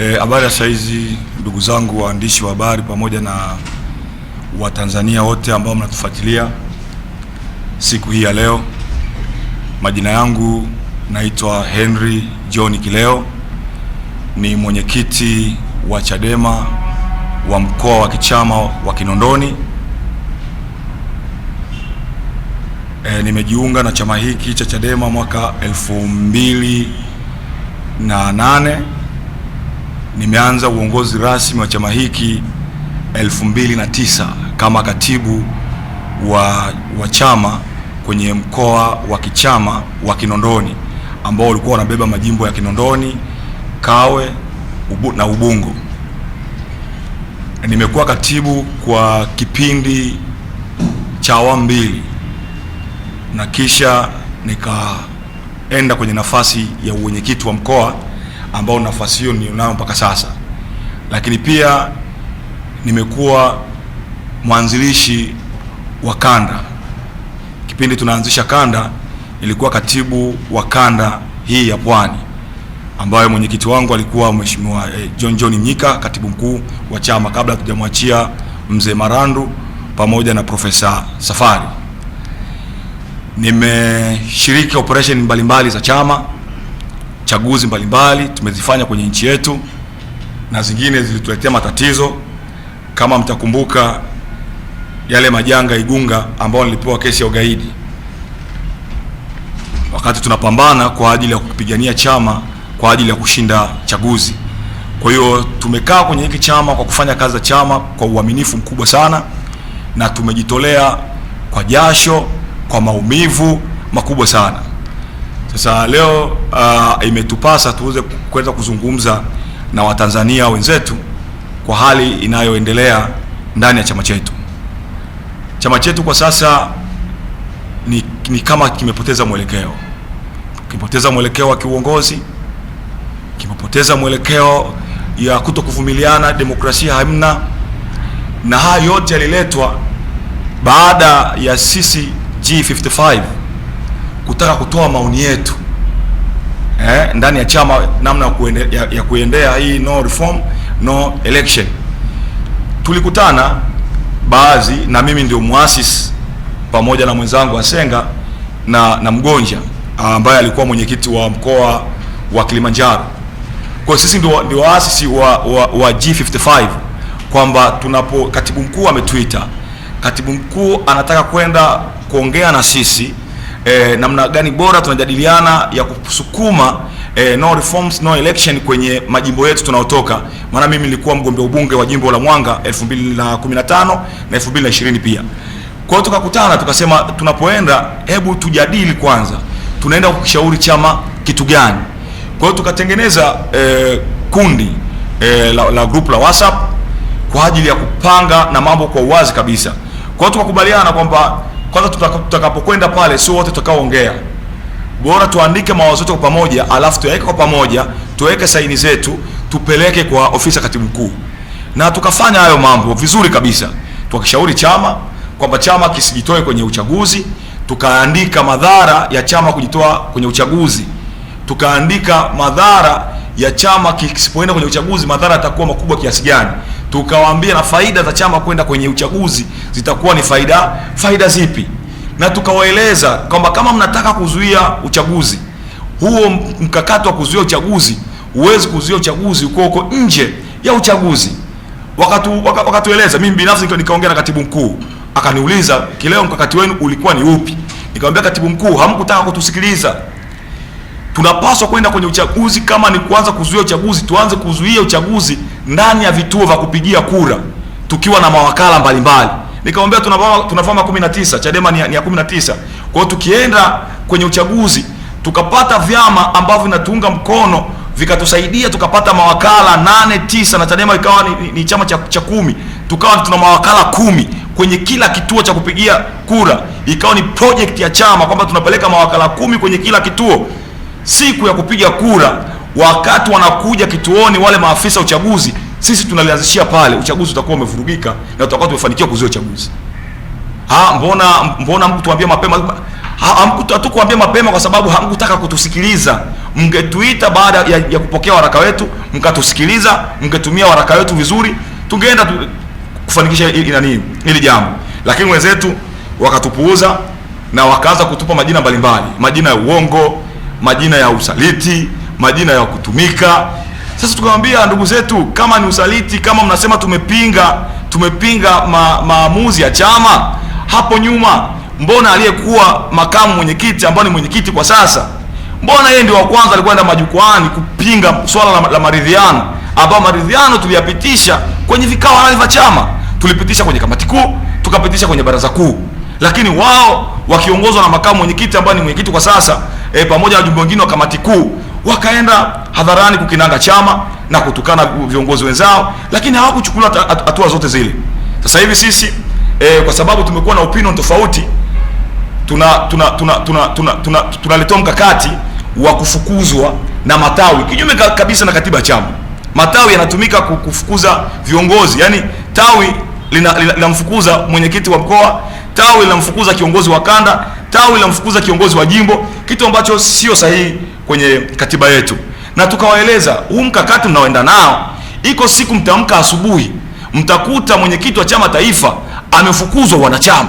E, habari e, ya saizi ndugu zangu waandishi wa habari pamoja na Watanzania wote ambao mnatufuatilia siku hii ya leo. Majina yangu naitwa Henry John Kileo, ni mwenyekiti wa Chadema wa mkoa wa kichama wa Kinondoni. E, nimejiunga na chama hiki cha Chadema mwaka elfu mbili na nane nimeanza uongozi rasmi wa chama hiki 2009 kama katibu wa, wa chama kwenye mkoa wa kichama wa Kinondoni ambao walikuwa wanabeba majimbo ya Kinondoni, Kawe ubu, na Ubungo. Nimekuwa katibu kwa kipindi cha awamu mbili na kisha nikaenda kwenye nafasi ya uwenyekiti wa mkoa ambao nafasi hiyo nilionayo mpaka sasa, lakini pia nimekuwa mwanzilishi wa kanda. Kipindi tunaanzisha kanda, nilikuwa katibu wa kanda hii ya Pwani, ambayo mwenyekiti wangu alikuwa Mheshimiwa eh, John John Mnyika, katibu mkuu wa chama, kabla hatujamwachia mzee Marandu pamoja na Profesa Safari. Nimeshiriki operation mbalimbali za chama chaguzi mbalimbali tumezifanya kwenye nchi yetu na zingine zilituletea matatizo. Kama mtakumbuka yale majanga Igunga, ambao nilipewa kesi ya ugaidi, wakati tunapambana kwa ajili ya kupigania chama kwa ajili ya kushinda chaguzi. Kwa hiyo tumekaa kwenye hiki chama kwa kufanya kazi za chama kwa uaminifu mkubwa sana, na tumejitolea kwa jasho, kwa maumivu makubwa sana. Sasa leo uh, imetupasa tuweze kwenda kuzungumza na Watanzania wenzetu kwa hali inayoendelea ndani ya chama chetu. Chama chetu kwa sasa ni, ni kama kimepoteza mwelekeo, kimepoteza mwelekeo wa kiuongozi, kimepoteza mwelekeo ya kuto kuvumiliana, demokrasia hamna, na haya yote yaliletwa baada ya sisi G55 kutaka kutoa maoni yetu eh, ndani ya chama namna kuende, ya, ya kuendea hii no reform no election. Tulikutana baadhi na mimi ndio muasisi pamoja na mwenzangu Asenga na, na Mgonja ah, ambaye alikuwa mwenyekiti wa mkoa wa Kilimanjaro. Kwa sisi ndio ndio waasisi wa, wa, wa G55 kwamba tunapo katibu mkuu ametuita, katibu mkuu anataka kwenda kuongea na sisi eh, namna gani bora tunajadiliana ya kusukuma eh, no reforms no election kwenye majimbo yetu tunaotoka. Maana mimi nilikuwa mgombea ubunge wa jimbo la Mwanga 2015 na 2020 pia. Kwa hiyo tukakutana tukasema, tunapoenda hebu tujadili kwanza, tunaenda kukishauri chama kitu gani. Kwa hiyo tukatengeneza eh, kundi eh, la, la group la WhatsApp kwa ajili ya kupanga na mambo kwa uwazi kabisa. Kwa hiyo tukakubaliana kwamba kwanza tutakapokwenda pale, sio wote tutakaoongea, bora tuandike mawazo yetu kwa pamoja, alafu tuyaweke kwa pamoja, tuweke saini zetu, tupeleke kwa ofisi ya katibu mkuu, na tukafanya hayo mambo vizuri kabisa, tukishauri chama kwamba chama kisijitoe kwenye uchaguzi, tukaandika madhara ya chama kujitoa kwenye uchaguzi, tukaandika madhara ya chama kisipoenda kwenye uchaguzi, madhara yatakuwa makubwa kiasi gani, tukawaambia na faida za chama kwenda kwenye uchaguzi zitakuwa ni faida faida zipi, na tukawaeleza kwamba kama mnataka kuzuia uchaguzi huo, mkakati wa kuzuia uchaguzi, huwezi kuzuia uchaguzi uko uko nje ya uchaguzi. Wakatu, wakatueleza, mimi binafsi nikaongea na katibu mkuu, akaniuliza kileo mkakati wenu ulikuwa ni upi? Nikamwambia katibu mkuu, hamkutaka kutusikiliza tunapaswa kwenda kwenye uchaguzi. Kama ni kuanza kuzuia uchaguzi, tuanze kuzuia uchaguzi ndani ya vituo vya kupigia kura, tukiwa na mawakala mbalimbali mbali nikamwambia tunafama 19 Chadema ni ya 19. Kwa hiyo tukienda kwenye uchaguzi tukapata vyama ambavyo vinatuunga mkono vikatusaidia tukapata mawakala nane tisa na Chadema ikawa ni, ni chama cha, cha kumi tukawa tuna mawakala kumi kwenye kila kituo cha kupigia kura, ikawa ni project ya chama kwamba tunapeleka mawakala kumi kwenye kila kituo. Siku ya kupiga kura, wakati wanakuja kituoni wale maafisa uchaguzi sisi tunalianzishia pale, uchaguzi utakuwa umevurugika na tutakuwa tumefanikiwa kuzuia uchaguzi. Ha, mbona mbona mkutuambia mapema? Hatukuambia mapema kwa sababu hamkutaka kutusikiliza. Mngetuita baada ya, ya kupokea waraka wetu, mkatusikiliza, mngetumia waraka wetu vizuri, tungeenda tu, kufanikisha nani hili jambo, lakini wenzetu wakatupuuza na wakaanza kutupa majina mbalimbali, majina ya uongo, majina ya usaliti, majina ya kutumika sasa tukamwambia ndugu zetu, kama ni usaliti, kama mnasema tumepinga tumepinga ma, maamuzi ya chama hapo nyuma, mbona aliyekuwa makamu mwenyekiti ambaye ni mwenyekiti kwa sasa, mbona yeye ndio wa kwanza alikwenda majukwaani kupinga swala la, la maridhiano, ambayo maridhiano tuliyapitisha kwenye vikao halali vya chama, tulipitisha kwenye kamati kuu, tukapitisha kwenye baraza kuu, lakini wao wakiongozwa na makamu mwenyekiti ambaye ni mwenyekiti kwa sasa e, pamoja na wajumbe wengine wa kamati kuu wakaenda hadharani kukinanga chama na kutukana viongozi wenzao, lakini hawakuchukua hatua zote zile. Sasa hivi sisi e, kwa sababu tumekuwa na opinion tofauti, tuna tuna tuna tuna, tuna, tuna, tuna, tuna mkakati wa kufukuzwa na matawi kinyume kabisa na katiba ya chama. Matawi yanatumika kufukuza viongozi, yani tawi linamfukuza lina, lina mwenyekiti wa mkoa, tawi linamfukuza kiongozi wa kanda, tawi linamfukuza kiongozi wa jimbo, kitu ambacho sio sahihi kwenye katiba yetu, na tukawaeleza huu mkakati mnaoenda nao, iko siku mtamka asubuhi, mtakuta mwenyekiti wa chama taifa amefukuzwa wanachama.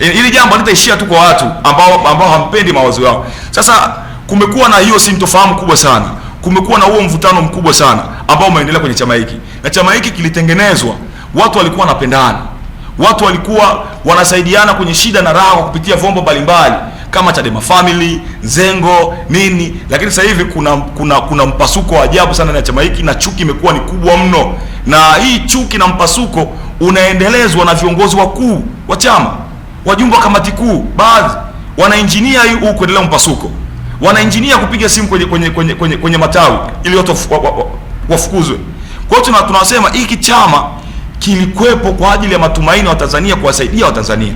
Ili jambo litaishia tu kwa watu ambao ambao hampendi mawazo yao. Sasa kumekuwa na hiyo sintofahamu kubwa sana, kumekuwa na huo mvutano mkubwa sana ambao umeendelea kwenye chama hiki, na chama hiki kilitengenezwa, watu walikuwa wanapendana, watu walikuwa wanasaidiana kwenye shida na raha kwa kupitia vyombo mbalimbali kama Chadema Family, Zengo, nini, lakini sasa hivi kuna kuna kuna mpasuko wa ajabu sana na chama hiki, na chuki imekuwa ni kubwa mno, na hii chuki na mpasuko unaendelezwa na viongozi wakuu wa chama, wajumbe wa kamati kuu, baadhi wanainjinia huu kuendelea mpasuko, wanainjinia kupiga simu kwenye kwenye kwenye kwenye, kwenye matawi ili watu wafukuzwe. Kwa hiyo tunasema hiki chama kilikuwepo kwa ajili ya matumaini ya Watanzania, kuwasaidia Watanzania.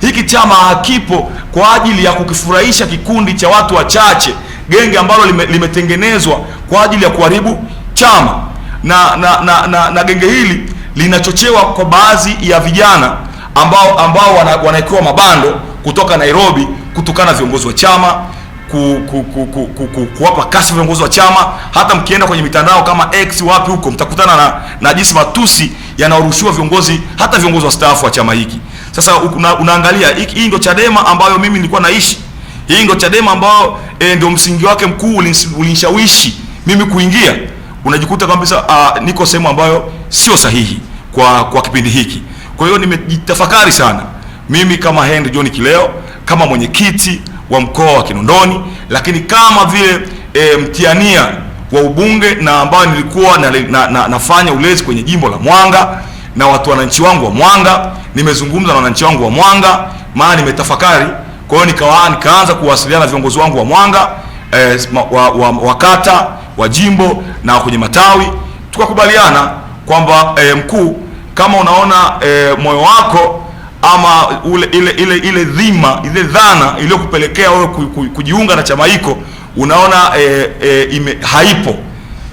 Hiki chama hakipo kwa ajili ya kukifurahisha kikundi cha watu wachache, genge ambalo lime, limetengenezwa kwa ajili ya kuharibu chama na na, na, na, na genge hili linachochewa kwa baadhi ya vijana ambao ambao wanawekewa mabando kutoka Nairobi kutukana viongozi wa chama kuwapa kasi viongozi wa chama. Hata mkienda kwenye mitandao kama X wapi huko, mtakutana na, na jinsi matusi yanaorushiwa viongozi, hata viongozi wa wastaafu wa chama hiki. Sasa una, unaangalia hii ndio Chadema ambayo mimi nilikuwa naishi. Hii ndio Chadema ambayo e, ndio msingi wake mkuu ulinishawishi mimi kuingia. Unajikuta kabisa uh, niko sehemu ambayo sio sahihi kwa kwa kipindi hiki. Kwa hiyo nimejitafakari sana mimi kama Henry John Kileo kama mwenyekiti wa mkoa wa Kinondoni, lakini kama vile e, mtiania wa ubunge na ambayo nilikuwa na, na, na, nafanya ulezi kwenye jimbo la Mwanga na watu wananchi wangu wa Mwanga, nimezungumza na wananchi wangu wa Mwanga, maana nimetafakari. Kwa hiyo nikawa nikaanza kuwasiliana na viongozi wangu wa Mwanga eh, wa, wa, wa kata wa jimbo na kwenye matawi, tukakubaliana kwamba eh, mkuu, kama unaona eh, moyo wako ama ule, ile ile ile dhima ile dhana iliyokupelekea wewe kujiunga na chama hiko unaona eh, eh, ime, haipo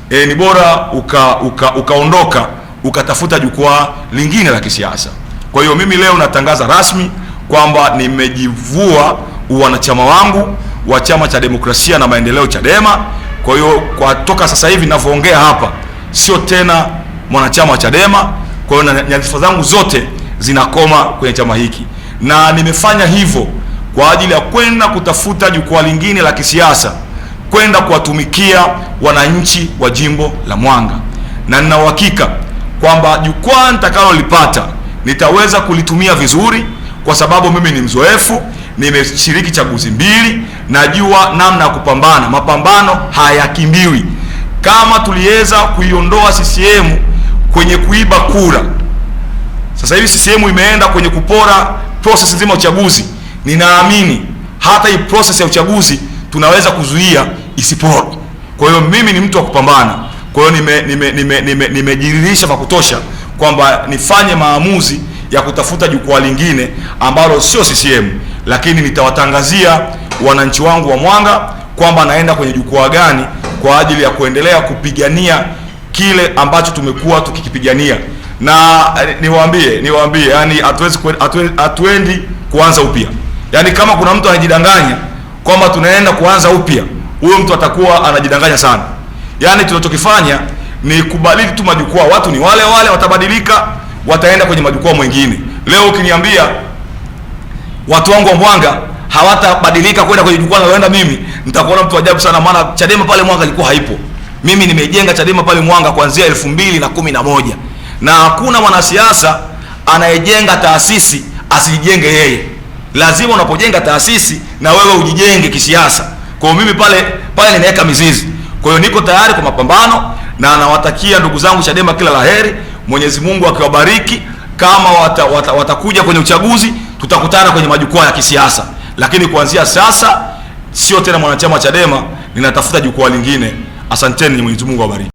eh, ni bora ukaondoka uka, uka ukatafuta jukwaa lingine la kisiasa. Kwa hiyo mimi leo natangaza rasmi kwamba nimejivua uwanachama wangu wa chama cha demokrasia na maendeleo Chadema. Kwa hiyo kwa toka sasa hivi ninavyoongea hapa, sio tena mwanachama wa Chadema. Kwa hiyo nyadhifa zangu zote zinakoma kwenye chama hiki, na nimefanya hivyo kwa ajili ya kwenda kutafuta jukwaa lingine la kisiasa, kwenda kuwatumikia wananchi wa jimbo la Mwanga, na nina uhakika kwamba jukwaa nitakalolipata nitaweza kulitumia vizuri, kwa sababu mimi ni mzoefu, nimeshiriki chaguzi mbili, najua namna ya kupambana. Mapambano hayakimbiwi. Kama tuliweza kuiondoa CCM kwenye kuiba kura, sasa hivi CCM imeenda kwenye kupora process nzima ya uchaguzi. Ninaamini hata hii process ya uchaguzi tunaweza kuzuia isiporo Kwa hiyo mimi ni mtu wa kupambana. Kwa hiyo nimejiridhisha nime, nime, nime, nime vya kutosha kwamba nifanye maamuzi ya kutafuta jukwaa lingine ambalo sio CCM, lakini nitawatangazia wananchi wangu wa Mwanga kwamba naenda kwenye jukwaa gani kwa ajili ya kuendelea kupigania kile ambacho tumekuwa tukikipigania, na eh, niwaambie niwaambie, yani hatuwezi hatuendi kuanza upya. Yani kama kuna mtu anajidanganya kwamba tunaenda kuanza upya, huyo mtu atakuwa anajidanganya sana. Yaani tunachokifanya ni kubadili tu majukwaa, watu ni wale wale, watabadilika, wataenda kwenye majukwaa mwengine. Leo ukiniambia watu wangu wa Mwanga hawatabadilika kwenda kwenye jukwaa naloenda mimi, nitakuona mtu ajabu sana, maana Chadema pale Mwanga ilikuwa haipo. Mimi nimejenga Chadema pale Mwanga kuanzia elfu mbili na kumi na moja na hakuna mwanasiasa anayejenga taasisi asijijenge yeye. Lazima unapojenga taasisi na wewe ujijenge kisiasa. Kwa mimi pale pale ninaweka mizizi. Kwa hiyo niko tayari kwa mapambano na nawatakia ndugu zangu Chadema kila laheri. Mwenyezi Mungu akiwabariki. Kama wata, wata, watakuja kwenye uchaguzi, tutakutana kwenye majukwaa ya kisiasa, lakini kuanzia sasa sio tena mwanachama wa Chadema, ninatafuta jukwaa lingine. Asanteni, Mwenyezi Mungu awabariki.